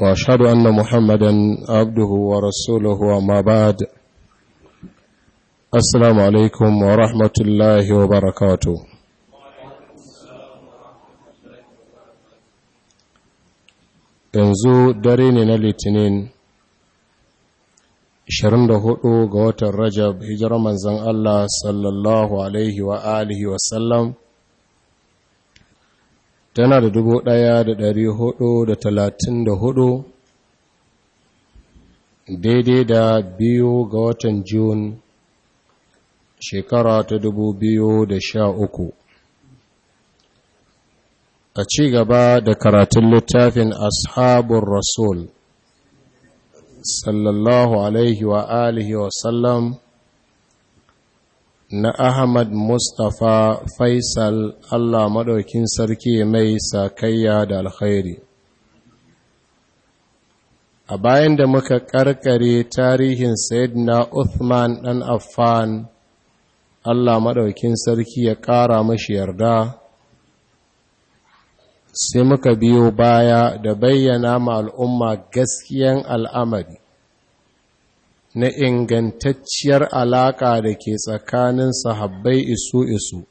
واشهد ان محمدا عبده ورسوله وما بعد السلام عليكم ورحمه الله وبركاته yanzu dare ne na litinin 24 ga watan rajab hijirar manzan Allah sallallahu alaihi wa alihi wasallam tana da dubu ɗaya da ɗari hudu da talatin da hudu daidai da biyu ga watan Jun shekara ta dubu biyu da sha uku a ci gaba da karatun littafin ashabun rasul sallallahu alaihi wa alihi wa sallam na Ahmad Mustapha Faisal Allah Madaukin sarki mai sakayya da alkhairi. A bayan da muka karkare tarihin Sayyidina Uthman ɗan Affan, Allah Madaukin sarki ya ƙara mashi yarda, sai muka biyo baya da bayyana ma al'umma gaskiyan al'amari. na ingantacciyar alaƙa da ke tsakanin sahabbai isu isu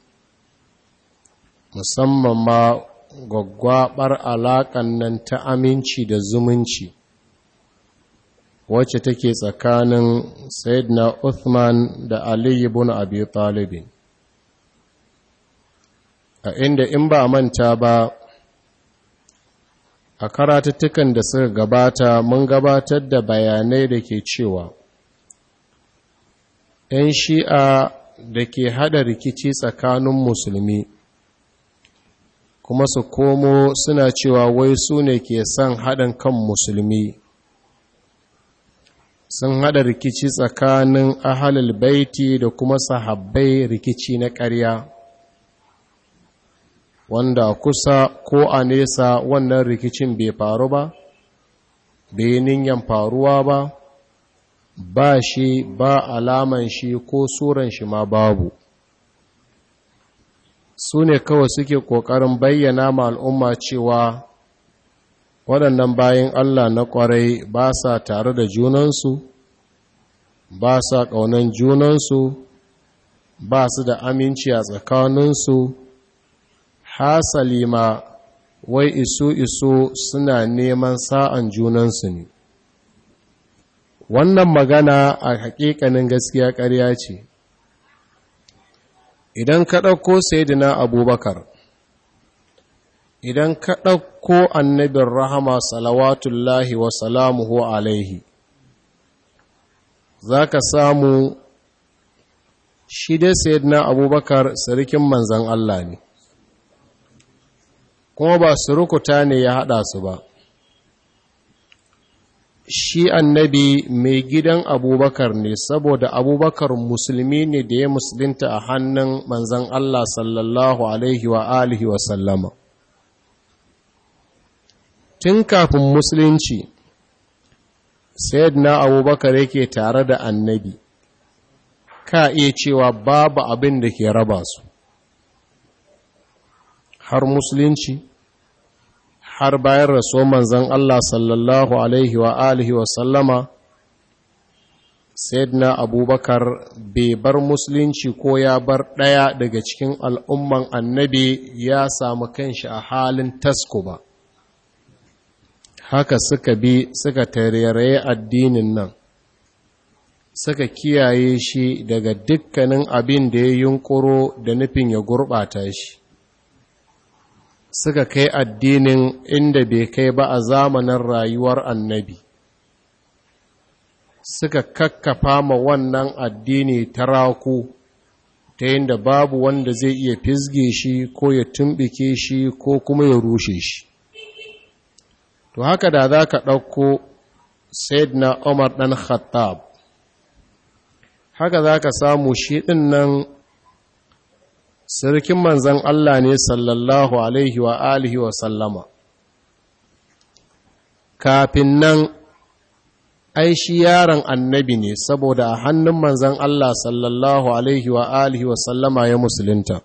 musamman ma gwaggwabar alaƙan nan ta aminci da zumunci wacce take tsakanin sayyidina Uthman da Aliyu bin Abi a inda in ba manta ba a karatattukan da suka gabata mun gabatar da bayanai da ke cewa ‘yan shi'a da ke haɗa rikici tsakanin musulmi kuma su komo suna cewa wai su ne ke son haɗin kan musulmi sun haɗa rikici tsakanin ahalul baiti da kuma sahabbai rikici na ƙarya wanda kusa ko a nesa wannan rikicin bai faru ba bai ninyan faruwa ba ba shi ba alaman shi ko suran shi ma babu su ne kawai suke ƙoƙarin bayyana ma al'umma cewa waɗannan bayan Allah na ƙwarai ba sa tare da junansu ba sa ƙaunan junansu ba su da aminci a tsakaninsu hasali ma wai iso iso suna neman sa'an junansu ne wannan magana a hakikanin gaskiya ƙarya ce idan ka ɗauko sayidina abubakar idan ka ɗauko annabin rahama salawatullahi wa salamuhu alaihi za ka samu shi dai sayidina abubakar sarkin manzan Allah ne kuma ba surukuta ne ya haɗa su ba shi annabi mai gidan abubakar ne saboda abubakar musulmi ne da ya musulinta a hannun manzan Allah sallallahu alaihi wa alihi wa sallama tun kafin musulunci na abubakar yake tare da annabi ka iya cewa babu abin da ke raba su har musulunci har bayan raso manzan Allah sallallahu Alaihi wa alihi wa sallama sayyidina abubakar bai bar musulunci ko ya bar ɗaya daga cikin al'umman annabi ya samu kanshi a halin tasko ba haka suka bi suka tareraye addinin nan suka kiyaye shi daga dukkanin abin da ya yunkuro da nufin ya gurɓata shi suka kai addinin inda bai kai ba a zamanin rayuwar annabi suka kakkafa ma wannan addini ta raku, ta yadda babu wanda zai iya fizge shi ko ya tumbike shi ko kuma ya rushe shi to haka da za ka ɗauko na umar ɗan khattab haka za ka samu shi ɗin nan sarkin manzan Allah ne sallallahu alaihi wa alihi wa sallama kafin nan ai shi yaron annabi ne saboda a hannun manzan Allah sallallahu alaihi wa alihi wa sallama ya musulunta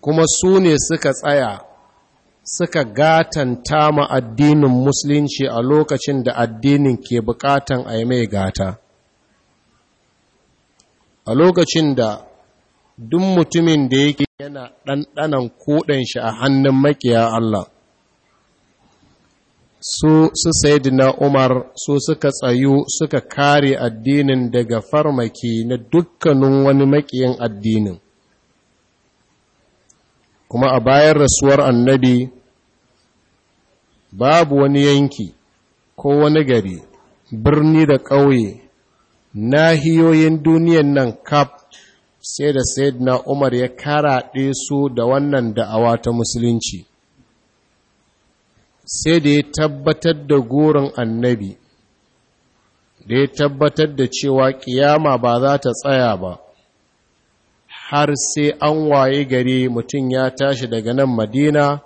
kuma su ne suka tsaya suka gatanta ma addinin musulunci a lokacin da addinin ke bukatan a yi mai gata a lokacin da duk mutumin da yake yana ɗanɗanan koɗin shi a hannun makiya Allah su su sayidina Umar su suka tsayu suka kare addinin daga farmaki na dukkanin wani makiyin addinin kuma a bayan rasuwar annabi babu wani yanki ko wani gari birni da ƙauye nahiyoyin duniyan nan kaf sai da na umar ya karaɗe su da wannan da'awa ta musulunci sai da ya tabbatar da gurin annabi da ya tabbatar da cewa kiyama ba za ta tsaya ba har sai an waye gare mutum ya tashi daga nan madina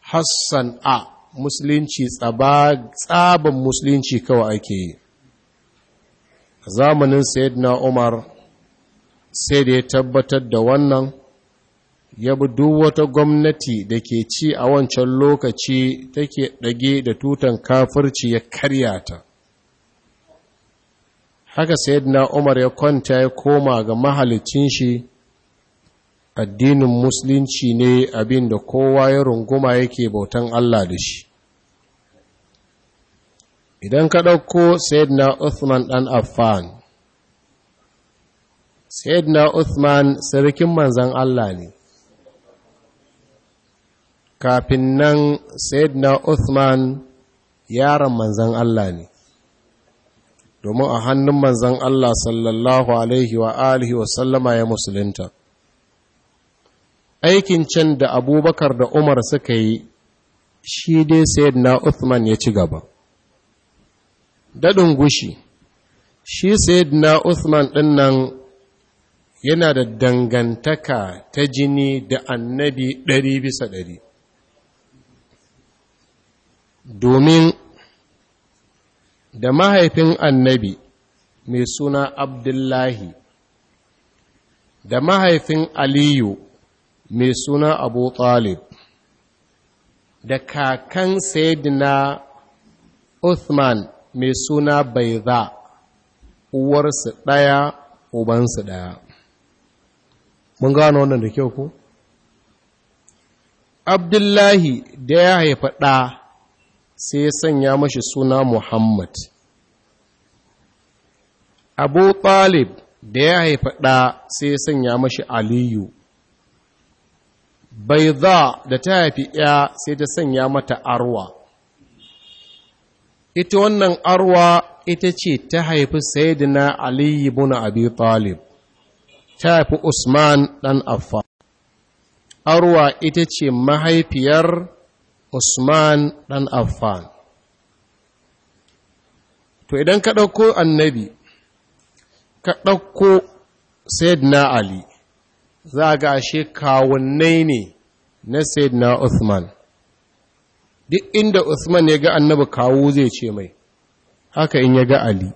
hassan a musulunci tsaban musulunci kawai ake yi zamanin na umar sai da ya tabbatar da wannan ya bi duk wata gwamnati da ke ci a wancan lokaci take ɗage da tutan kafirci ya karya ta haka sayyidina umar ya kwanta ya koma ga mahalicin shi addinin musulunci ne abin da kowa ya runguma yake bautan Allah da shi idan ka ɗauko sayyidina Uthman ɗan Affan sayyidina Uthman sarkin manzan Allah ne kafin nan sayyidina Uthman yaron manzan Allah ne domin a hannun manzan Allah sallallahu alaihi wa alihi wa sallama ya musulunta aikin can da abubakar da umar suka yi shi dai sayyidina Uthman ya ci gaba daɗin gushi shi sayyidina Uthman ɗin nan yana da dangantaka ta jini da annabi ɗari bisa ɗari domin da mahaifin annabi mai suna abdullahi da mahaifin aliyu mai suna abu talib da kakan saidina uthman mai suna bai za uwarsu ɗaya ubansu ɗaya mun gano wannan da kyau ko abdullahi da ya haifa ɗa sai ya sanya mashi suna muhammad abu talib da ya haifa ɗa sai ya sanya mashi aliyu baiza da ta haifi ya sai ta sanya mata arwa ita wannan arwa ita ce ta haifi sayidina aliyu bin abi talib ta fi Usman ɗan Affan. Arwa ita ce mahaifiyar Usman ɗan affa To idan ka ɗauko annabi, ka ɗauko Sayyidina Ali, za ga ashe kawunnai ne na Sayyidina Usman. Duk inda Usman ya ga annabi kawu zai ce mai, haka in ya ga Ali.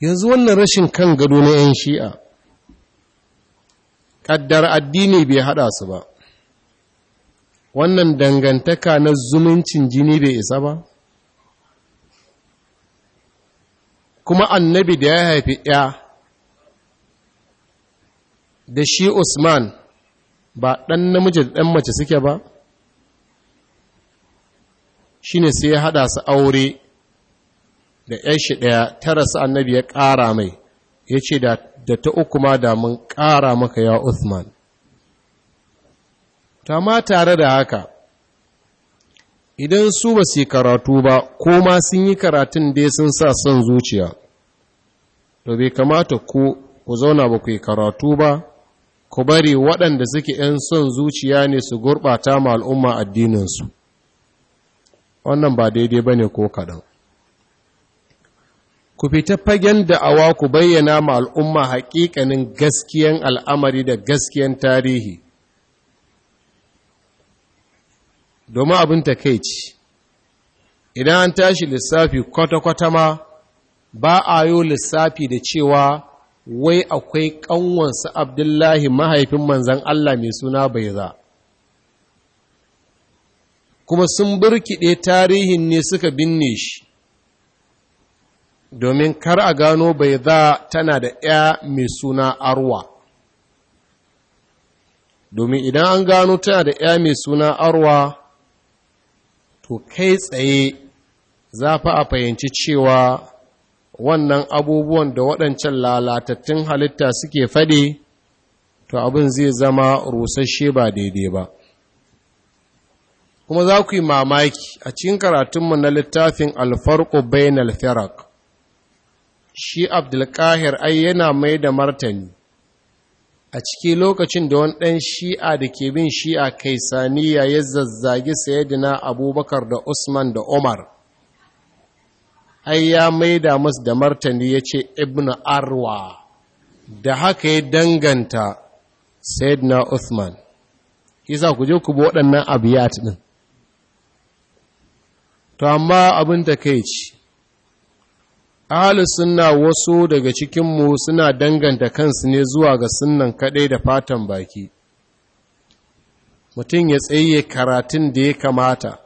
yanzu wannan rashin kan gado na 'yan shi'a ƙaddar addini bai haɗa su ba wannan dangantaka na zumuncin jini bai isa ba kuma annabi da ya haifi ya da shi usman ba ɗan namiji da ɗan mace suke ba shi ne sai ya haɗa su aure da shi ɗaya ta rasu annabi ya ƙara mai ya ce da ta uku ma da mun ƙara maka ya Uthman ta ma tare da haka idan su ba su karatu ba ko ma sun yi karatun dai sun sa son zuciya to bai kamata ku ku zauna ba ku yi karatu ba ku bari waɗanda suke ‘yan son zuciya ne su gurɓata ma al'umma addininsu wannan ba daidai ba ne ko kaɗan ku fita fagen da da'awa ku bayyana ma al'umma haƙiƙanin gaskiyan al'amari da gaskiyan tarihi domin abin ta takeici idan an tashi lissafi kwata-kwata ma ba a yi lissafi da cewa wai akwai ƙanwansa abdullahi mahaifin manzan Allah mai suna bai za kuma sun birkiɗe tarihin ne suka binne shi domin kar a gano bai za tana da ‘ya mai suna arwa domin idan an gano tana da ‘ya mai suna arwa to kai tsaye za fa a fahimci cewa wannan abubuwan da waɗancan lalatattun halitta suke faɗi to abin zai zama rusasshe ba daidai ba kuma za ku yi mamaki a cikin karatunmu na littafin alfarko bayan alfarak shi abdulkahir ai yana mai da martani a ciki lokacin da wani ɗan shi'a da ke bin shi'a kai saniya ya zazzagi Sayyidina abubakar da usman da umar ai ya mai da masu da martani ya ce ibn arwa da haka ya danganta Usman. usman kisa ku je ku bi waɗannan abiyat ɗin to amma abin da kai ci ahalus sunna wasu daga cikinmu suna danganta kansu ne zuwa ga sunnan kaɗai da fatan baki mutum ya tsaye karatun da ya kamata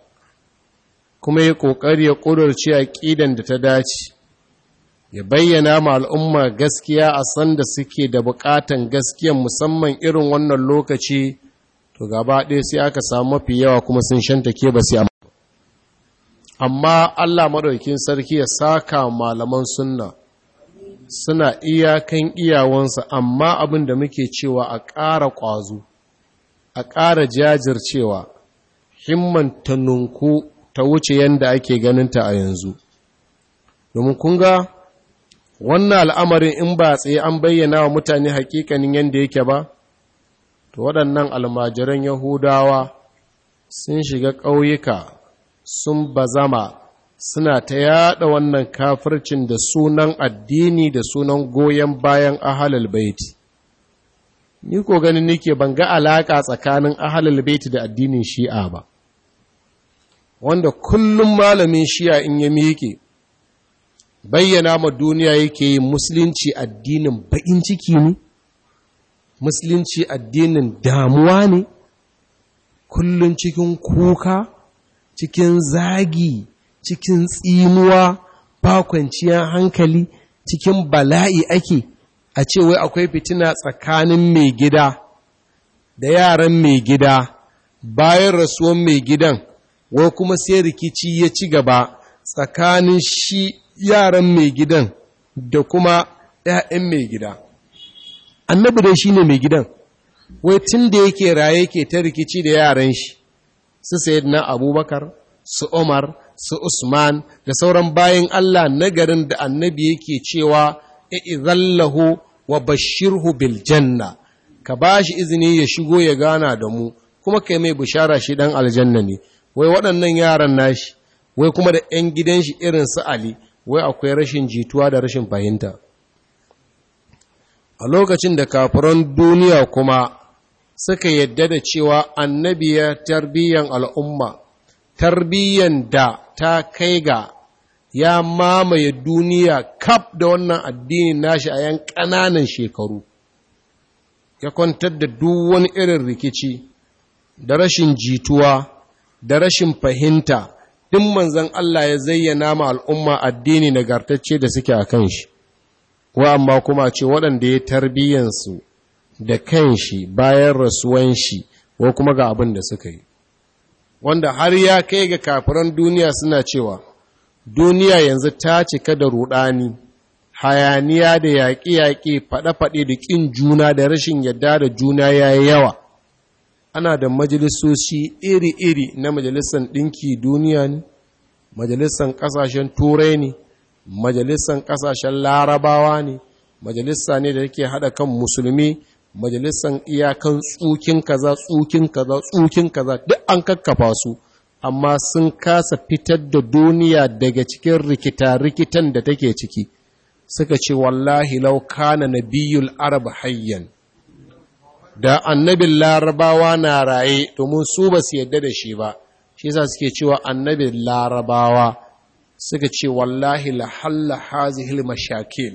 kuma ya ƙoƙari ya ƙudurci a ƙidan da ta dace ya bayyana ma al'umma gaskiya a sanda suke da buƙatan gaskiya musamman irin wannan lokaci to gaba ɗaya sai aka samu mafi yawa kuma sun shanta ke ba sai amma Allah maɗaukin sarki ya saka malaman sunna suna iyakan iyawansa amma abin da muke cewa a ƙara ƙwazo a ƙara jajircewa himman ta nunku ta wuce yadda ake ganinta a yanzu domin kunga wannan al'amarin in ba tsaye an bayyana wa mutane hakikanin yadda yake ba to waɗannan almajiran yahudawa sun shiga ƙauyuka sun bazama suna ta yada wannan kafircin da sunan addini da sunan goyon bayan ahalal baiti ni ko ganin nike ban ga alaka tsakanin ahalal baiti da addinin shi'a ba wanda kullum malamin shi'a in ya miƙe bayyana ma duniya yake yi musulunci addinin baƙin ciki ne musulunci addinin damuwa ne kullum cikin kuka cikin zagi cikin tsinuwa ba kwanciyar hankali cikin bala'i ake a ce wai akwai fitina tsakanin mai gida da yaran mai gida bayan rasuwan mai gidan wai kuma sai rikici ya ci gaba tsakanin shi yaran mai gidan da kuma ‘ya'yan mai gida. Annabi dai shi ne mai gidan, wai tun da yake raye ke ta rikici da yaran shi, su sayyidina abubakar su umar su usman da sauran bayan allah na garin da annabi yake cewa i'izallahu wa bashirhu Biljanna, ka ba shi izini ya shigo ya gana da mu kuma kai mai bishara shi dan aljanna ne wai waɗannan yaran nashi wai kuma da 'yan gidan shi irin su ali wai akwai rashin jituwa da rashin fahimta a lokacin da kafiran duniya kuma suka yadda da cewa annabiya ya tarbiyyan al'umma tarbiyyan da ta kai ga ya mamaye duniya kaf da wannan addinin nashi a yan ƙananan shekaru ya kwantar da duk wani irin rikici da rashin jituwa da rashin fahimta duk manzan Allah ya zayyana ma al'umma addini nagartacce da suke a kan shi wa amma kuma ce waɗanda ya tarbiyyansu da kanshi bayan rasuwan shi ko kuma ga abin da suka yi wanda har ya kai ga kafiran duniya suna cewa duniya yanzu ta cika da rudani hayaniya da yaƙi-yaƙi faɗe-faɗe da ƙin juna da rashin yadda da juna ya yi yawa ana da majalisoci iri-iri na majalisar ɗinki duniya ne majalisar ƙasashen turai ne majalisar ƙasashen larabawa ne majalisa ne da yake haɗa kan musulmi majalisan iyakan tsukin kaza tsukin kaza tsukin kaza duk an kakkafa su amma sun kasa fitar da duniya daga cikin rikita-rikitan da take ciki suka ce wallahi lau kana nabiyul arab hayyan da annabin larabawa na raye domin su ba su yadda da shi ba shi yasa suke cewa annabin larabawa suka ce wallahi la halla hazihil mashakil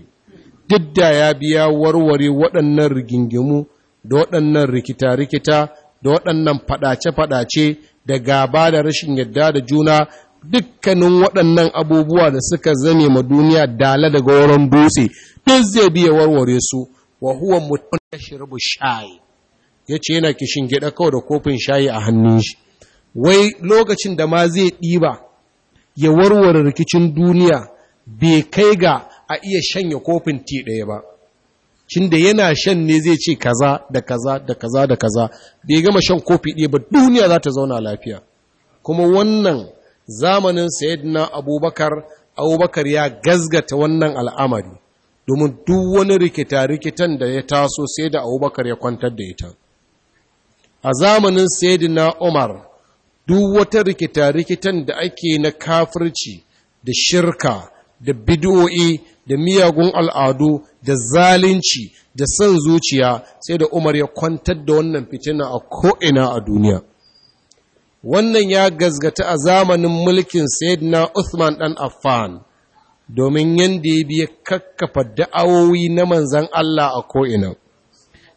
duk da ya biya warware waɗannan rigingimu da waɗannan rikita-rikita da waɗannan faɗace-faɗace da gaba da rashin yadda da juna dukkanin waɗannan abubuwa da suka zame ma duniya dala daga wurin dutse duk zai biya warware su wa huwa mutum ya shirbu shayi ya ce yana kishin gida kawai da kofin shayi a hannun shi wai lokacin da ma zai ɗiba ya warware rikicin duniya bai kai ga a iya shanya kofin ti ɗaya ba shin da yana shan ne zai ce kaza da kaza da kaza da kaza da ya gama shan kofi ɗaya ba duniya za ta zauna lafiya kuma wannan zamanin sayyidina abubakar abubakar ya gazgata wannan al'amari domin duk wani rikita-rikitan da ya taso sai da abubakar ya kwantar da ita a zamanin sayyidina umar duk wata rikita-rikitan da ake na kafirci da shirka da bidu'o'i da miyagun al'adu da zalunci da son zuciya sai da Umar ya kwantar da wannan fitina a ko'ina a duniya. Wannan ya gazgata a zamanin mulkin na Uthman ɗan Affan domin yadda ya biya kakkafa da'awowi na manzan Allah a ko'ina.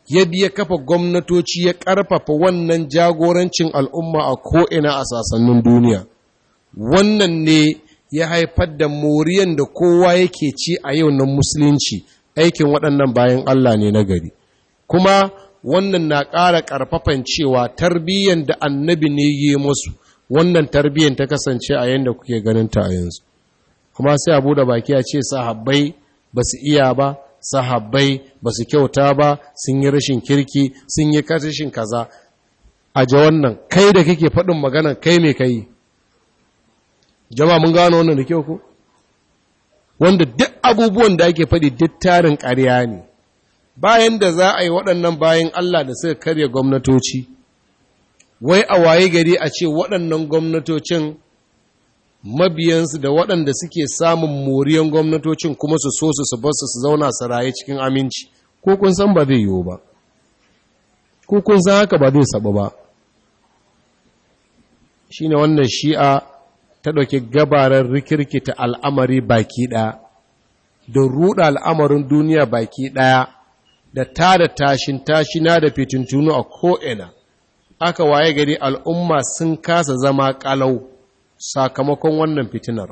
Ya biya kafa gwamnatoci ya ƙarfafa wannan jagorancin al'umma a ko'ina a sasannin duniya. Wannan ne ya haifar da moriyan da kowa yake ci a yau na musulunci aikin waɗannan bayan Allah ne na gari kuma wannan na ƙara ƙarfafan cewa tarbiyyan da annabi ne yi musu wannan tarbiyyan ta kasance a yadda kuke ganin ta a yanzu kuma sai abu da baki ya ce sahabbai ba su iya ba sahabbai ba su kyauta ba sun yi rashin kirki sun yi rashin kaza a ja wannan kai da kake faɗin magana kai mai kai jama mun gano wannan da kyau ko wanda duk abubuwan da ake faɗi duk tarin ƙarya ne bayan da za a yi waɗannan bayan Allah da suka karya gwamnatoci wai a waye gari a ce waɗannan gwamnatocin mabiyansu da waɗanda suke samun moriyan gwamnatocin kuma su so su basu su zauna su raye cikin aminci ko kun san ba zai yiwu ba ko kun san haka ba zai sabu ba shine wannan shi'a ta ɗauki gabaran rikirkita al'amari baki ɗaya da ruɗa al'amarin duniya baki ɗaya da ta da tashin tashina da fitintunu a ko'ina aka waye gari al'umma sun kasa zama ƙalau sakamakon wannan fitinar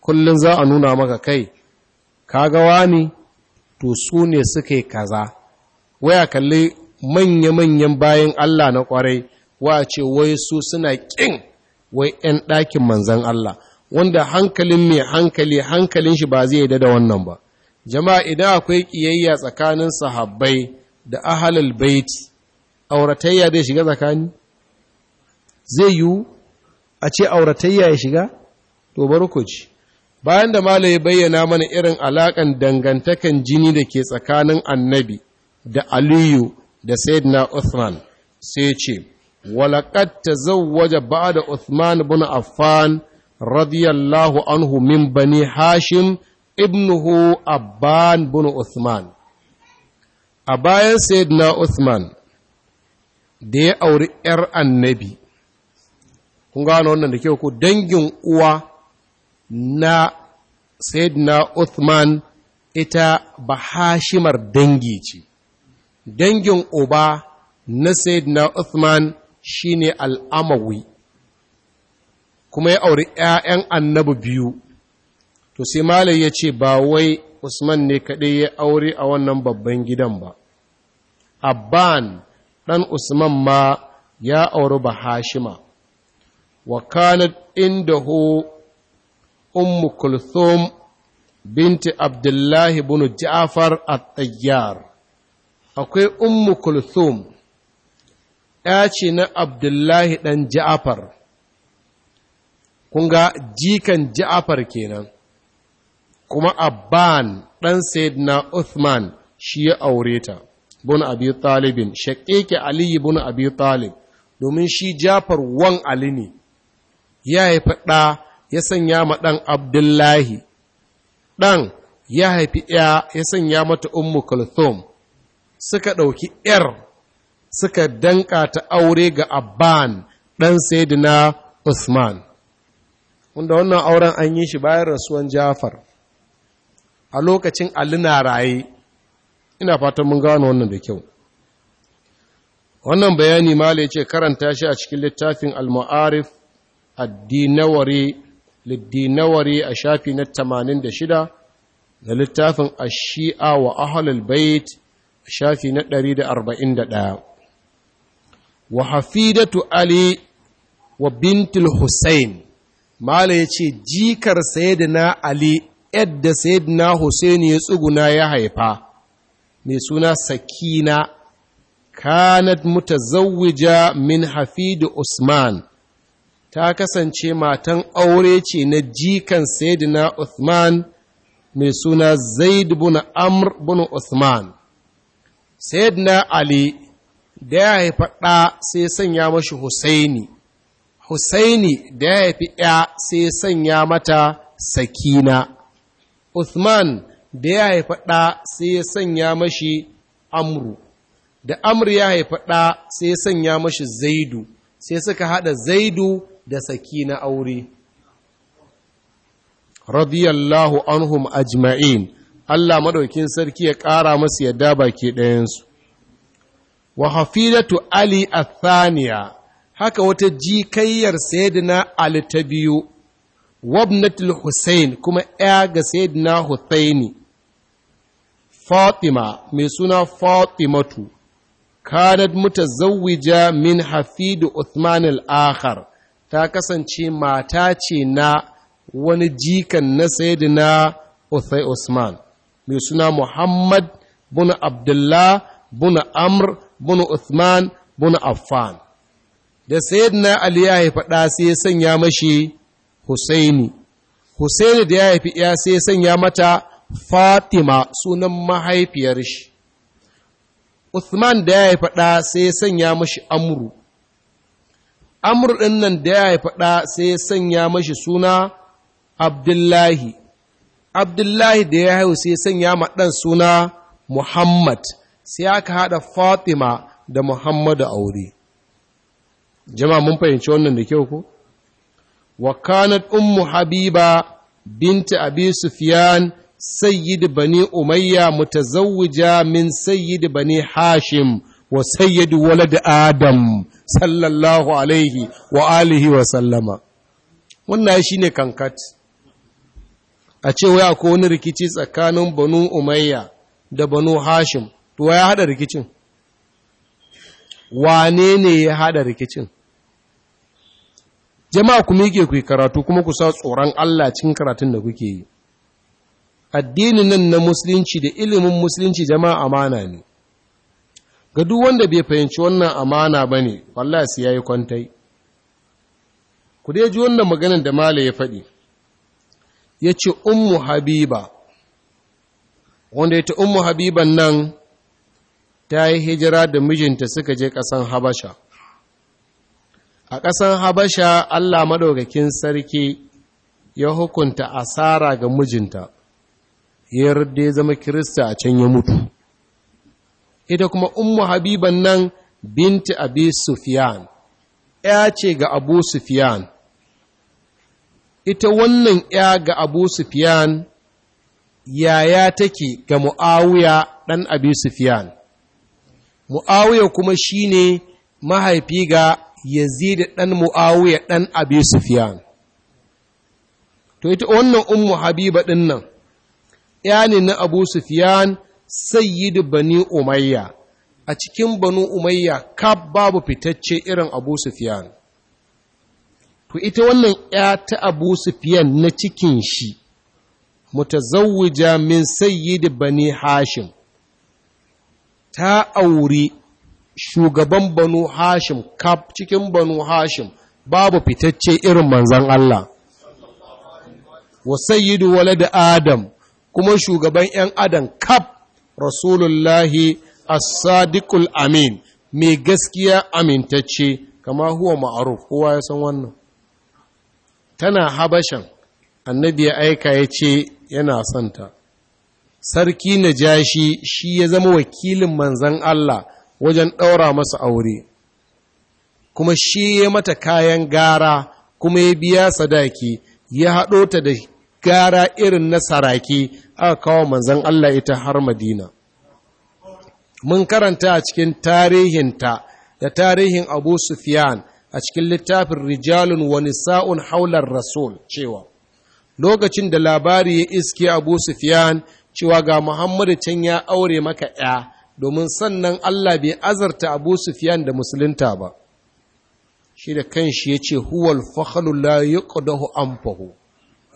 kullum za a nuna maka kai kaga wani to su ne suka yi kaza waya kalli manya-manyan bayan Allah na ƙwarai wa ce wai su suna ƙin wai 'yan ɗakin manzan Allah wanda hankalin mai hankali hankalin shi ba zai yi da wannan ba jama'a idan akwai ƙiyayya tsakanin sahabbai da ahalal baiti auratayya zai shiga tsakani zai yiwu a ce auratayya ya shiga to bar ku bayan da Malam ya bayyana mana irin alaƙan dangantakan jini da ke tsakanin annabi da aliyu da sayyidina uthman sai ce walaƙad ta zauwaja ba da Usman bin Affan radiyallahu anhu min bani Hashim ibnuhu Abban bin Uthman. A bayan Sayyidina Usman da ya auri ‘yar annabi, kun gano wannan da kyau ku dangin uwa na Sayyidina Uthman ita ba Hashimar dangi ce, dangin uba na Sayyidina Usman. Shi shine al'amawi kuma ya auri ‘ya'yan annabi biyu to sai malai ya ce ba wai usman ne kaɗai ya aure a wannan babban gidan ba abban ɗan usman ma ya auri ba hashima wa kanat inda ho ummu kulthum binti abdullahi bin ja'far at-tayyar akwai ummu kulthum ya ce na abdullahi ɗan ja'afar kunga jikan ja'afar kenan kuma abban ɗan na uthman shi ya aure ta bun abi talibin shaƙeƙe aliyu bin abi talib domin shi jafar wan ali ne ya haifi ɗa ya sanya ma ɗan abdullahi ɗan ya haifi ya ya sanya mata ummu kulthum suka ɗauki ‘yar suka danka ta aure ga abban ɗan saidina usman wanda wannan auren an yi shi bayan rasuwan jafar a lokacin alina raye ina fatan mun gano wannan da kyau wannan bayani mala ya ce karanta shi a cikin littafin al-ma'arif addinawari liddinawari a shafi na 86 da littafin ash-shi'a wa ahlul bait shafi na 141 wa hafidatu ali wa bintul hussein Malam ya ce jikar sayyidina ali yadda sayyidina hussein ya tsuguna ya haifa mai suna sakina kanat mutazawwija min hafidu usman ta kasance matan aure ce na jikan sayyidina Uthman mai suna Zaid bin Amr bin Uthman. Sayyidina Ali da ya haifa ɗa sai sanya mashi husaini husaini da ya haifi ɗa sai sanya mata sakina uthman da ya haifa ɗa sai ya sanya mashi amru da amru ya haifa ɗa sai ya sanya mashi zaidu sai suka haɗa zaidu da sakina aure radiyallahu anhum ajma'in Allah maɗaukin sarki ya ƙara masu yadda baki ɗayansu wa hafidatu ali athaniya haka wata jikayyar sayyidina ali ta biyu wabnatul husain kuma ya ga sayyidina husaini fatima mai suna fatimatu kanat mutazawwija min hafidu uthman al-akhar ta kasance mata ce na wani jikan na sayyidina Usman mai suna Muhammad bin Abdullah bin Amr Bunu Uthman bunu Affan da sayyidina Ali ya haifa ɗa sai ya sanya mashi Husaini Husaini da ya haifi ya sai ya sanya mata Fatima sunan mahaifiyar shi Uthman da ya haifa ɗa sai ya sanya mashi Amru Amru ɗin nan da ya haifa ɗa sai ya sanya mashi suna Abdullahi Abdullahi da ya haihu sai ya sanya ma ɗan suna Muhammad sai aka haɗa fatima da muhammadu aure jama mun fahimci wannan da kyau ku. wa kanat ummu habiba binta abi sufyan sayyid bani umayya mutazawwija min sayyid bani hashim wa sayyid walad adam sallallahu alaihi wa alihi wa sallama wannan shine kankat a ce wai akwai wani rikici tsakanin banu umayya da banu hashim to ya hada rikicin wane ne ya hada rikicin jama'a ku miƙe ku yi karatu kuma ku sa tsoron Allah cikin karatun da kuke yi addinin nan na musulunci da ilimin musulunci jama'a amana ne ga duk wanda bai fahimci wannan amana ba ne wallahi su yayi kwantai ku dai ji wannan maganar da mala ya faɗi ya ce ummu habiba wanda ya ta ummu habiban nan ta yi hijira da mijinta suka je ƙasan habasha a ƙasan habasha allah maɗaukakin sarki ya hukunta asara ga mijinta yarda ya zama kirista a can ya mutu ita kuma ummu habiban nan binti abi Sufiyan, ya ce ga abu Sufiyan, ita wannan ya ga abu sufiyan yaya take ga mu'awiya ɗan abi sufiyan mu'awiya kuma shine mahaifi ga yazid ɗan mu'awiya ɗan abi sufyan to ita wannan ummu habiba ɗin nan ya ne na abu yi da bani umayya a cikin bani umayya kab babu fitacce irin abu sufyan to ita wannan ya ta abu sufiyan na cikin shi mutazawwija min sayyid bani hashim ta auri shugaban banu hashim kaf cikin banu hashim babu fitacce irin manzan Allah wa sayyidu walad adam kuma shugaban 'yan adam kaf rasulullahi as-sadiqul amin mai gaskiya amintacce kama huwa ma'aruf kowa ya san wannan tana habashan annabi ya aika ya ce yana santa sarki najashi shi ya zama wakilin manzan Allah wajen ɗaura masa aure kuma shi ya mata kayan gara kuma ya biya sadaki ya haɗo ta da gara irin na saraki aka kawo manzan Allah ita har Madina. Mun karanta a cikin tarihinta da tarihin Abu Sufyan a cikin littafin Rijalun wani sa'un haular Rasul cewa, Lokacin da labari ya iske Abu Sufyan cewa ga Muhammadu can ya aure maka ‘ya, domin sannan Allah bai azarta Abu Sufyan da musulunta ba. Shi da kanshi ya ce, Huwal fakhalu la an fahu,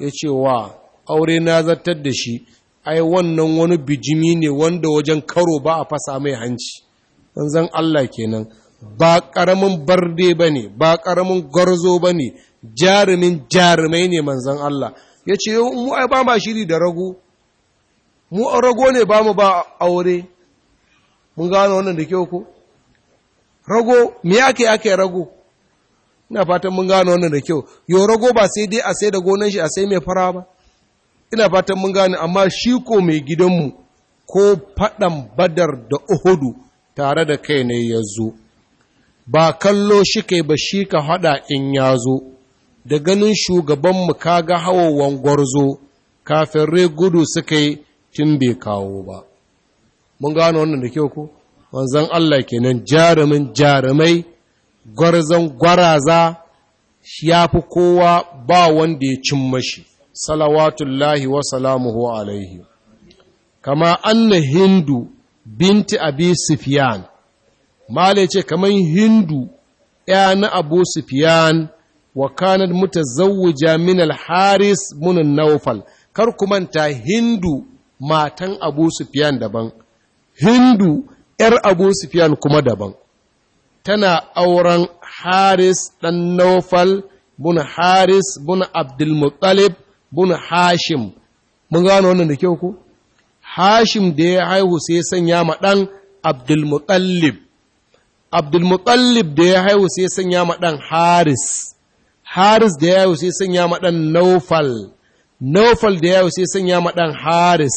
ya ce wa, aure na zartar da shi, ai wannan wani bijimi ne wanda wajen karo ba a fasa mai hanci. zan Allah kenan, ba ƙaramin barde ba ne, ba ƙaramin gwarzo ba ne, jarumin jarumai ne manzan Allah. Ya ce, mu ai ba ma shiri da ragu, mu rago ne ba mu ba aure mun gano wannan da kyau ko rago me ake ake rago ina fatan mun gano wannan da kyau yo rago ba sai dai a sai da gonan shi a sai mai fara ba ina fatan mun gano. amma shi ko mai gidanmu ko faɗan badar da uhudu tare da kai ne ya zo ba kallo shi kai ba shi ka haɗa in ya zo da ganin shugabanmu kaga hawawan gwarzo kafin gudu suka yi tun bai kawo ba mun gano wannan da kyau ko Wanzan Allah kenan jarumin jarumai Gwarzan gwaraza ya fi kowa ba wanda ya cin mashi salawatullahi wa salamuhu alaihi kama anna hindu binti abi Sufiyan, male ce kaman hindu ya na abu Sufiyan, wa kanar mutazawwija min haris mun naufal kar kumanta hindu matan abu sufiyan daban hindu ‘yar abu sufiyan kuma daban tana auren haris ɗan naufal bun haris bun abdulmuttalib bun hashim mun gano wannan da kyau ku hashim da ya haihu sai sanya ma ɗan abdulmuttalib abdulmuttalib da ya haihu sai sanya ma ɗan haris haris da ya haihu sai sanya ma ɗan naufal naufal da yawo sai sanya ma ɗan haris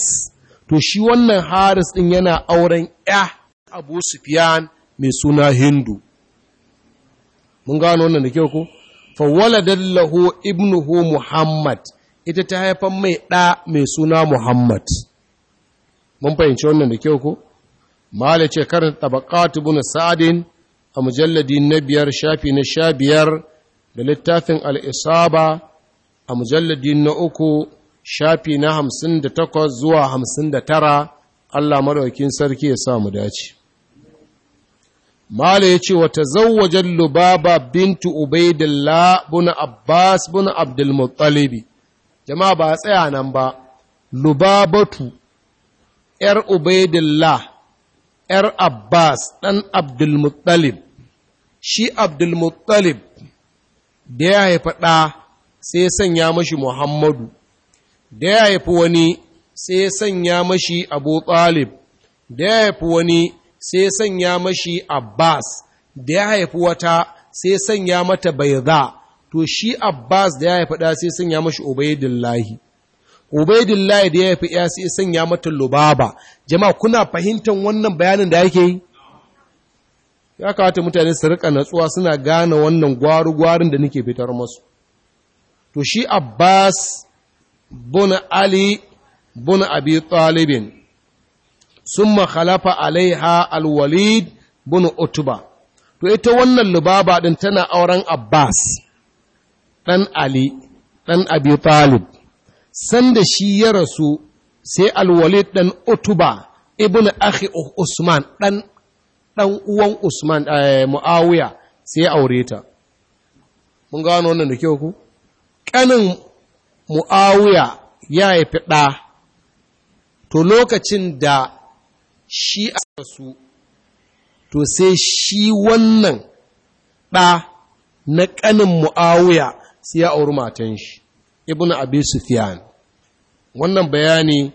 to shi wannan haris ɗin yana auren ya abu fiya mai suna hindu mun gano wannan da kyau ko fawwala dallahu ibnuhu muhammad ita ta haifan mai ɗa mai suna muhammad mun fahimci wannan da kyau ko mala ce karin tabakat ibn sa'adin a mujalladi na biyar shafi na sha biyar da littafin al'isaba a mujalladi na uku shafi na hamsin da takwas zuwa hamsin da tara Allah maɗaukin sarki ya sa mu dace. Mala ya ce, Wata zauwajen Lubaba bintu Ubaidillah buna Abbas buna Abdulmuttalibi, jama'a ba a tsaya nan ba, Lubabatu, ’yar Ubaidillah, ’yar Abbas, ɗan Abdulmuttalib, shi Abdulmuttalib da ya haifa ɗa sai sanya mashi Muhammadu, da ya haifi wani sai sanya mashi Abu Talib, da ya haifi wani sai sanya mashi Abbas, da ya haifi wata sai sanya mata Baiza, to shi Abbas da ya haifi ɗa sai sanya mashi Ubaidillahi. Ubaidillahi da ya haifi ya sai sanya mata Lubaba, jama'a kuna fahimtar wannan bayanin da yake yi? Ya kawata mutane su riƙa natsuwa suna gane wannan gwarugwarin da nake fitar masu. to shi Abbas bin Ali bin Abi Talibin summa khalafa alaiha alwalid bin Utba to ita wannan lubaba din tana auren Abbas dan Ali dan Abi Talib sanda shi ya rasu sai alwalid dan Utba ibn akhi Usman dan dan uwan Usman eh, Muawiya sai ya aure ta mun gano wannan da kyau ku ƙanin mu'awuya ya haifi ɗa to lokacin da shi a su to sai shi wannan ɗa na ƙanin mu'awuya sai ya auri matan shi ibn abi sufyan wannan bayani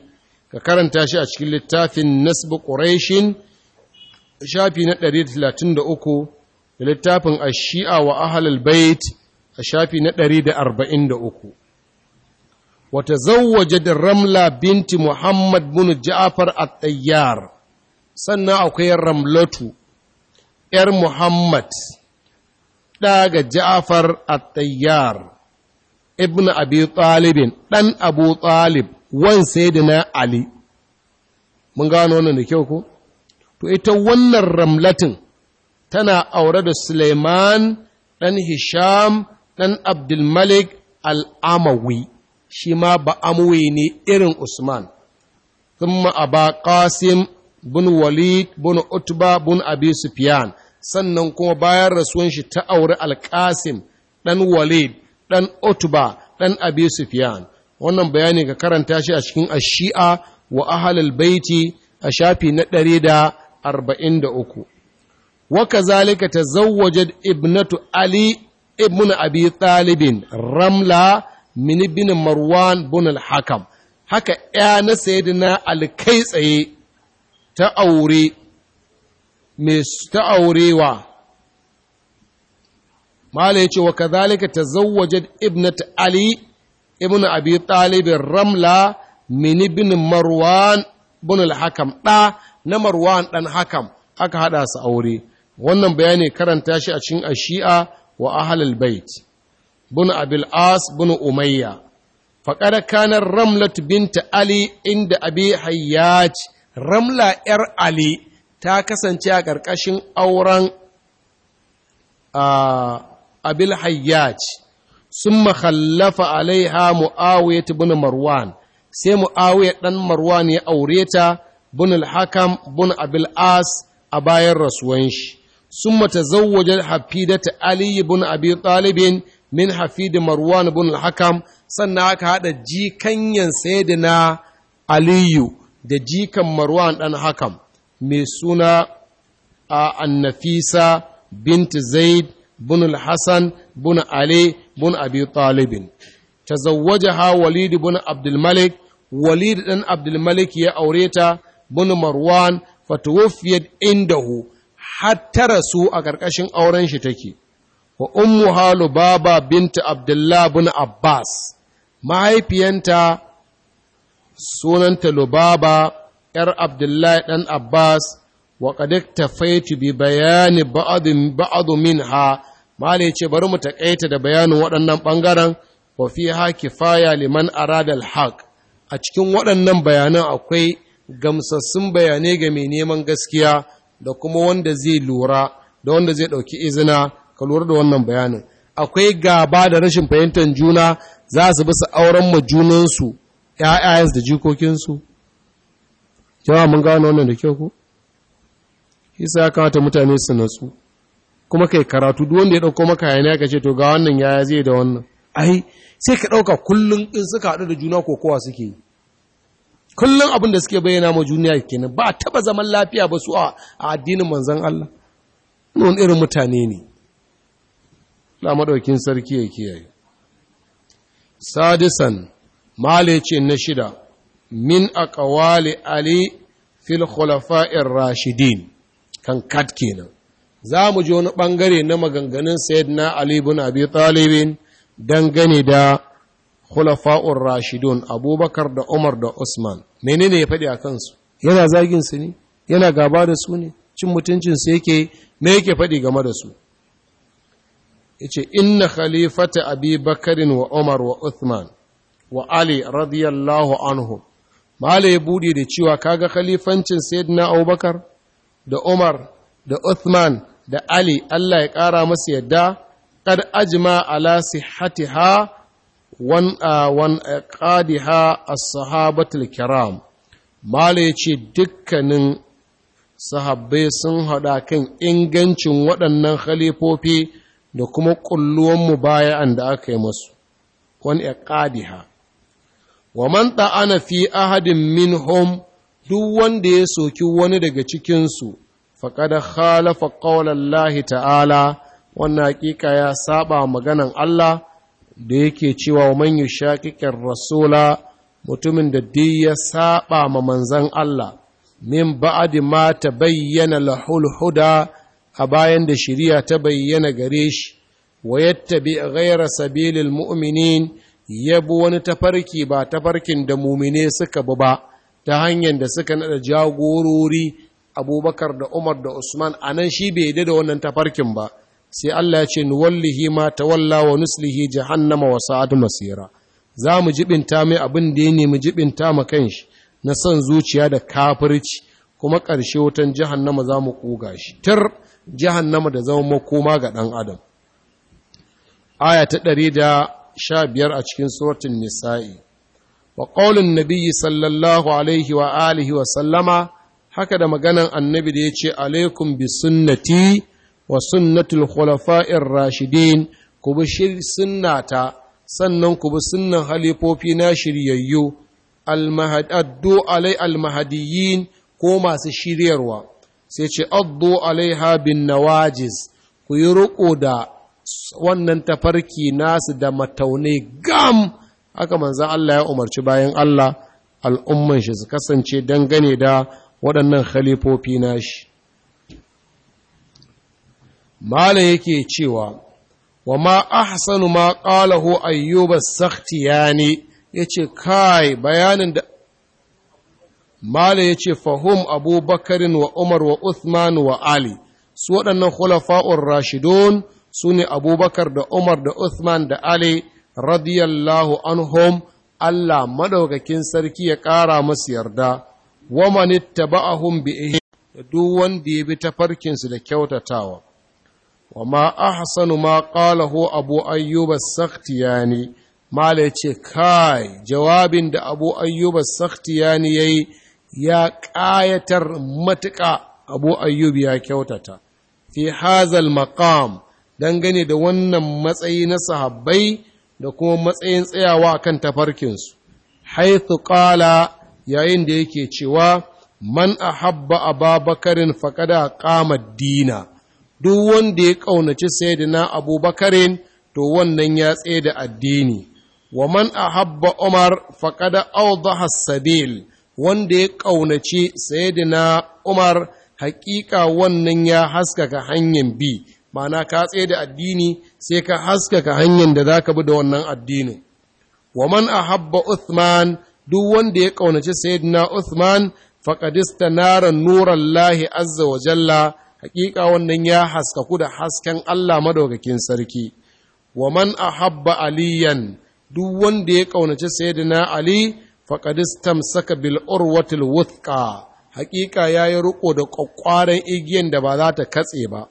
ka karanta shi a cikin littafin nasbu Ƙorashin, shafi na 133 da littafin a shia wa ahlul bait a shafi na ɗari da uku, wata zauwaje da ramla binti muhammad bin ja'far a tayyar sannan akwai ramlatu ‘yar muhammad ɗaga ja'far a tayyar ibn abi talibin ɗan abu talib wan na ali mun gano wannan da kyau ko to ita wannan ramlatin tana aure da Suleiman ɗan Hisham ɗan Abdulmalik al'amawi, shi ma ba ne irin Usman, a ba Ƙasim, bin Walid bin Utba bin Abi Sufyan, sannan kuma bayan rasuwan shi ta auri Alƙasim ɗan Walid ɗan Utba ɗan Abi Sufyan. Wannan bayani ka karanta shi a cikin ashi'a wa ahalal baiti a shafi na ɗari da arba'in da uku. Waka zalika ta zawwaje ibnatu Ali ibn abi talibin ramla min ibn marwan bin al-hakam haka ya na sayyidina alkai tsaye ta aure ta aurewa mala yace wa kazalika tazawwajat ibnat ali ibn abi talib ramla min ibn marwan bin al-hakam da na marwan dan hakam aka hada su aure wannan bayani karanta shi a cikin ashi'a wa ahlul bait bin abil as bin umayya faqad kana ramlat bint ali inda abi hayyaj ramla yar ali ta kasance a ƙarƙashin auren abil hayyaj sun makhallafa alaiha mu'awiyat bin marwan sai mu'awiyat ɗan marwan ya aure ta bin al-hakam bin abil as a bayan rasuwan shi ثم تزوج حفيدة علي بن أبي طالب من حفيد مروان بن الحكم سنعك هذا جي كان سيدنا علي da jikan Marwan ɗan Hakam mai suna a annafisa binti Zaid bin Hassan bin Ali bin Abi Talibin. Tazawwajaha Walid bin Abdulmalik, Walid ɗan Abdulmalik ya aure ta bin Marwan fatuwafiyar indahu hattara su a ƙarƙashin auren shi take wa ummu halu baba binta abdullah bin abbas mahaifiyanta sunanta lubaba ‘yar abdullahi ɗan abbas wa ƙadikta faitu bi bayani ba'adu min ha mali ce bari mu taƙaita da bayanin waɗannan ɓangaren wa fi ha kifaya liman aradal haq a cikin waɗannan bayanan akwai gamsassun bayanai ga mai neman gaskiya da kuma wanda zai lura da wanda zai ɗauki izina ka lura da wannan bayanin akwai gaba da rashin fahimtar juna za su bi su auren ma junansu ‘ya'yayensu da jikokinsu jama'a mun gano wannan da kyau ku isa ya kamata mutane su natsu kuma kai karatu duk wanda ya ɗauko maka yana ka ce to ga wannan yaya zai da wannan ai sai ka ɗauka kullum in suka haɗu da juna kokowa suke yi kullum abin da suke bayyana ma juniya kenan ba taba zaman lafiya ba su a addinin manzon Allah nun irin mutane ne na madaukin sarki ya kiyaye sadisan male ce na shida min aqwali ali fil khulafa'ir rashidin kan kat kenan za mu ji wani ɓangare na maganganun sayyidina ali ibn abi talibin dangane da khulafa'ur rashidun abubakar da umar da usman menene ya faɗi a kansu yana zagin su ne yana gaba da su ne cin mutuncinsu yake me yake faɗi game da su yace inna khalifata abi bakarin wa umar wa uthman wa ali radiyallahu anhu mala ya buɗe da cewa kaga khalifancin na abubakar da umar da uthman da ali allah ya ƙara masu yadda kad ajma ala ha. wan wan qadiha as-sahabatul kiram mala yace dukkanin sahabbai sun haɗa kan ingancin waɗannan khalifofi da kuma kulluwan mubaya'an da aka yi masu wan qadiha wa man ta'ana fi ahadin minhum duk wanda ya soki wani daga cikinsu faƙada khalafa ƙaunar ta'ala wannan haƙiƙa ya saba maganan Allah da yake cewa man yushaqiqir rasula mutumin da dai ya saba ma manzan Allah min ba'adi ma ta lahul huda a bayan da shirya ta bayyana gare shi wa yattabi ghayra sabilil mu'minin yabu wani tafarki ba tafarkin da mumine suka bi ba ta hanyar da suka nada jagorori abubakar da umar da usman anan shi bai da wannan tafarkin ba sai Allah ya ce nuwallihi ma tawalla wa nuslihi jahannama wa sa'ad masira za mu jibinta mai abin da ya nemi jibinta ma kanshi na son zuciya da kafirci kuma ƙarshe wutan jahannama za mu ƙuga shi tar jahannama da zama makoma ga ɗan adam aya ta ɗari da sha biyar a cikin suratun nisa'i wa ƙaunin sallallahu alaihi wa alihi wa sallama haka da maganan annabi da ya ce alaikum bi sunnati wa sunnatul khulafa'ir rashidin ku bi sunnata sannan ku bi sunnan halifofi na shiryayyu addu alai almahadiyin ko masu shiryarwa sai ce addu alaiha bin nawajiz ku yi riƙo da wannan tafarki nasu da mataunai gam haka manzan Allah ya umarci bayan Allah al'umman shi su kasance dangane da waɗannan khalifofi nashi. mala yake cewa wa ma ahsanu ma qalahu ayyuba sakhtiyani yace kai bayanin da mala yace fahum abubakarin wa umar wa uthman wa ali su waɗannan khulafa'ur rashidun su ne abubakar da umar da uthman da ali radiyallahu anhum Allah madaukakin sarki ya ƙara masu yarda wa man ittaba'ahum bi da duk wanda ya bi tafarkinsu da kyautatawa wa ma ahsanu ma qalahu abu ayyub as mala yace kai jawabin da abu ayyuba saktiyani yayi ya ƙayatar matuƙa abu ayyub ya kyautata fi hazal maqam dangane da wannan matsayi na sahabbai da kuma matsayin tsayawa kan tafarkinsu haithu ƙala yayin da yake cewa man ahabba ababakarin faƙada ƙama dina duk wanda ya ƙaunaci abu bakarin to wannan ya tsaye da addini wa man a habba umar faqad awdaha sabil wanda ya ƙaunaci sayyidina umar haƙiƙa wannan ya haskaka hanyar bi Mana ka tsaye da addini sai ka haskaka hanyar da zaka bi da wannan addinin wa man a habba uthman duk wanda ya ƙaunaci sayyidina uthman faqad naran, nuran lahi azza wa jalla hakika wannan ya haskaku da hasken Allah madaukakin sarki wa man ahabba aliyan duk wanda ya kaunaci sayyidina ali faqad istamsaka bil urwatil wuthqa hakika yayi riko da kokkwaren igiyan da ba za ta katse ba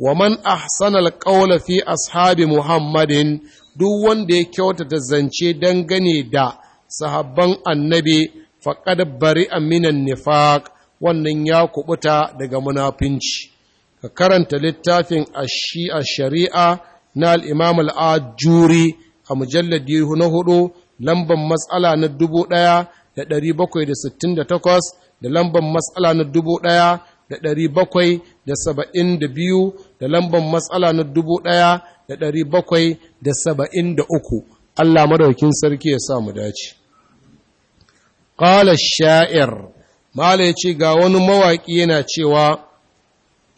wa man ahsana al fi ashabi muhammadin duk wanda ya kyautata zance dangane da sahabban annabi faqad bari'a minan nifaq wannan ya kubuta daga munafinci ka karanta littafin a shari'a na al'imam al'ajuri a mujalladi na hudu lambar matsala na dubu ɗaya da ɗari bakwai da sittin da takwas da lambar matsala na dubu ɗaya da ɗari bakwai da saba'in da biyu da lambar matsala na dubu ɗaya da ɗari bakwai da saba'in da uku Allah madaukin sarki ya sa mu dace. Ƙala sha'ir, Mala ya ce ga wani mawaƙi yana cewa,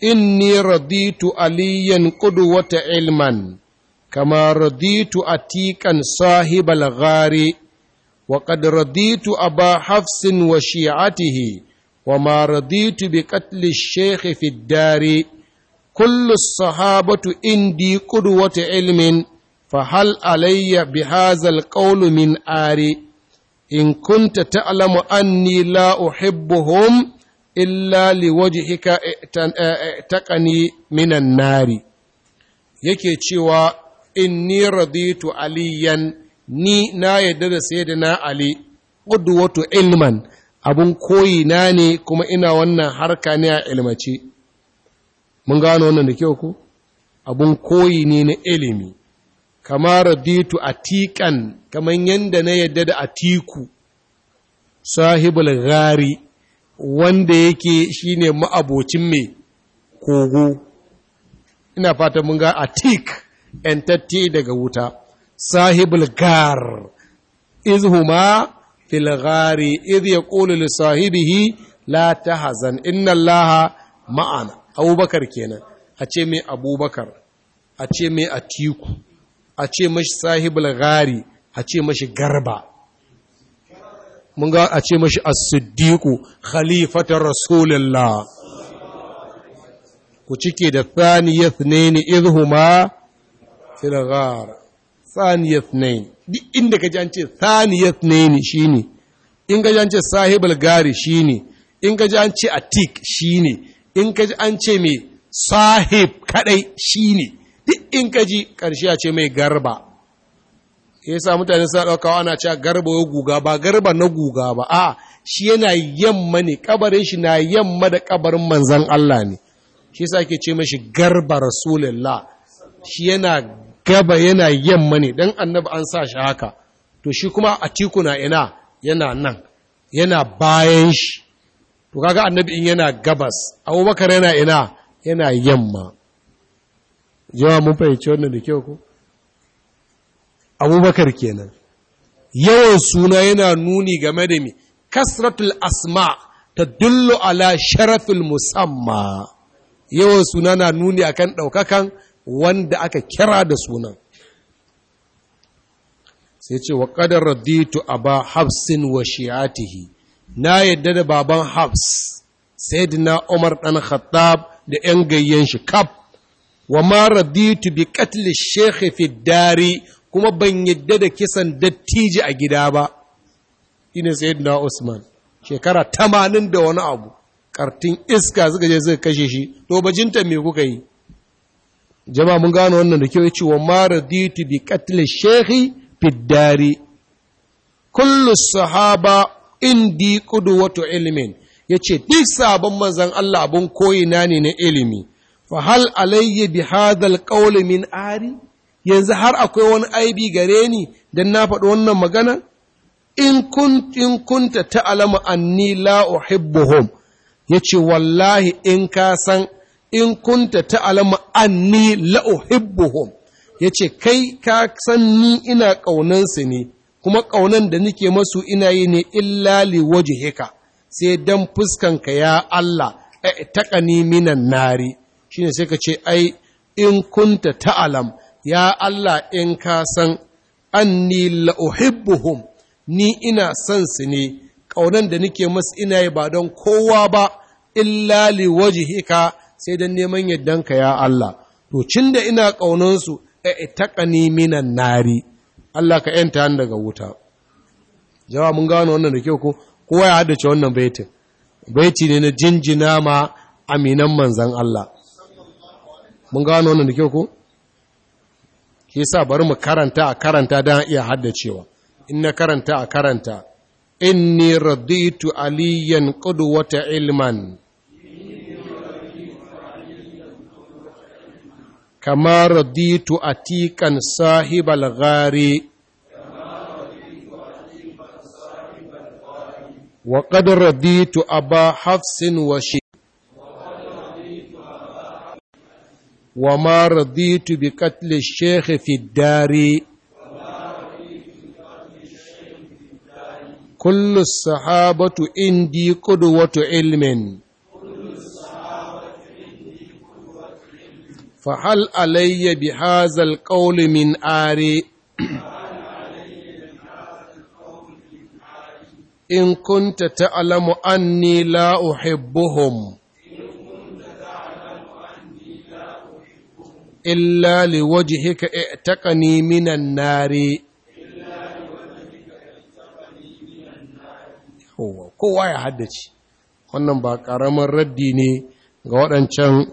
inni raditu aliyan qudwata ilman kama raditu atiqan sahibal ghari wa qad raditu aba hafsin wa shi'atihi wa ma raditu bi qatli ash-shaykh fi ad-dari kullu as-sahabatu indi qudwata ilmin فهل علي بهذا القول من آري إن كنت تعلم أني لا أحبهم illa liwajhika eh, taqani minan nari yake cewa inni raditu aliyan ni na yadda da sayyidina ali qudwatu ilman abun koyi na ne kuma ina wannan harka ne a ilmace mun gano wannan da kyau ku abun koyi ne na ilimi kama raditu atiqan kaman yanda na yadda da atiku sahibul gari wanda yake shine ma'abocin mai kogo ina fata mun ga atik entatti daga wuta sahibul gar izhuma fil ghari idh yaqulu li sahibihi la tahzan inna allaha ma'ana abubakar kenan a ce mai abubakar a ce mai atiku a ce mashi sahibul ghari a ce mashi garba mun ga a ce mashi as-siddiqu khalifatar rasulullah ku cike da thaniyat nayn idhuma fil ghar thaniyat nayn duk inda kaji an ce thaniyat nayn shine in ga an ce sahibul gari shine in ga an ce atik shine in kaji an ce me sahib kadai shine duk in kaji karshe a ce mai garba sa mutane suna ɗaukawa ana cewa garba ya guga ba garba na guga ba a shi yana yamma ne kabarin shi na yamma da kabarin manzan Allah ne shi yasa ake ce mashi garba rasulullah shi yana gaba yana yamma ne dan annabi an sa shi haka to shi kuma a tikuna ina yana nan yana bayan shi to kaga annabi in yana gabas abubakar yana ina yana yamma yawa mun fahimci wannan da kyau ko abubakar kenan yawan suna yana nuni game da mi kasratul asma ta dullo ala sharafil musamma yawan suna na nuni akan ɗaukakan wanda aka kira da sunan sai ce wa ƙadar raditu a ba hafsin wa shi'atihi na yadda da baban hafs sai dina umar ɗan khattab da ‘yan gayyen shi kaf wa ma raditu bi katilin shekhe fi dari kuma ban yadda da kisan dattiji a gida ba ina sayid na usman shekara tamanin da wani abu kartin iska suka je suka kashe shi to bajinta me kuka yi jama mun gano wannan da kyau ya ce wa mara ditu bi katil shehi, fiddari kullu sahaba indi kudu wato ilimin, ya ce duk sabon manzan Allah abun na ne na ilimi fa hal alayya bi hadha ari yanzu har akwai wani aibi gare ni don na faɗi wannan magana? In kunta ta'alama anni la hom. ya ce wallahi in ka san in kunta ta'alama anni la hom. ya ce kai ka san ni ina ƙaunansu ne kuma ƙaunan da nike masu ina yi ne illa waje heka, sai don fuskanka ya Allah ni minan nari shine sai ka ce ai in kunta ta ta'alam ya Allah in ka san an ni la'uhibbuhum ni ina son su ne ƙaunan da nike masu ina yi ba don kowa ba illa waje sai don neman yaddanka ya Allah to cin da ina ƙaunansu a e, taƙani minan nari Allah ka yanta daga wuta jawa mun gano wannan da kyau ko kowa ya haddace wannan baitin baiti ne na jinjina ma aminan manzan Allah mun gano wannan da kyau ko shi sa bari mu karanta a karanta don iya haddacewa in na karanta a karanta inni raditu aliyan wata ilman kama raditu atikan sahibal ghari وقد رضيت أبا حفص وشي وما رضيت بقتل الشيخ في الدار كل الصحابة عندي قدوة علم فهل علي بهذا القول من آري إن كنت تعلم أني لا أحبهم إلا لوجهك wajhika من النار kowa ya haddace wannan ba ƙaramin raddi ne ga waɗancan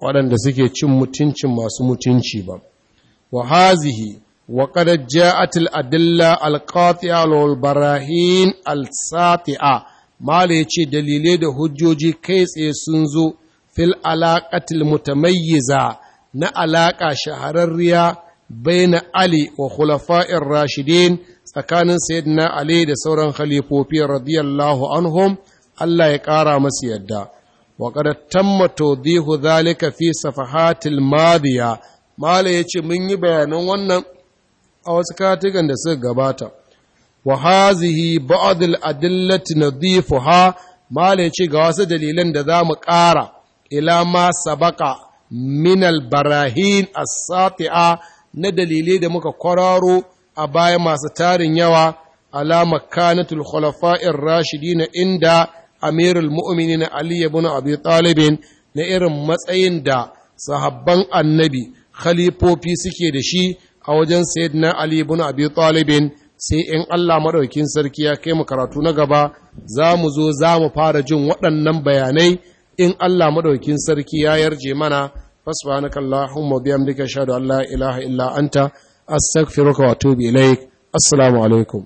waɗanda suke cin mutuncin masu mutunci ba wa hazihi wa qad ja'at adilla al-qati'a barahin al-sati'a mala yace dalilai da hujjoji kai tsaye sun zo fil alaqatil mutamayyiza na alaƙa shahararriya baina Ali wa khulafa'ir rashidin tsakanin sayyidina Ali da sauran khalifofi radiyallahu anhum Allah ya ƙara masu yadda wa qad tamma tawdihu dhalika fi safahatil madiya mala ce mun yi bayanan wannan a wasu katikan da suka gabata wa hazihi ba'd al adillati nadifuha mala ce ga wasu dalilan da za mu ƙara ila ma sabaka minal barahin as-sati'a na dalilai da muka kwararo a baya masu tarin yawa ala makanatul khulafa'ir rashidin inda amirul mu'minin ali ibn abi talib na irin matsayin da sahabban annabi khalifofi suke da shi a wajen sayyidina ali ibn abi talib sai in Allah madaukin sarki ya kai mu karatu na gaba za mu zo za mu fara jin waɗannan bayanai in Allah madaukin sarki ya yarje mana fasbanaka Allahumma bihamdika shahadu Allah ilaha illa anta astaghfiruka wa atubu ilaik assalamu alaikum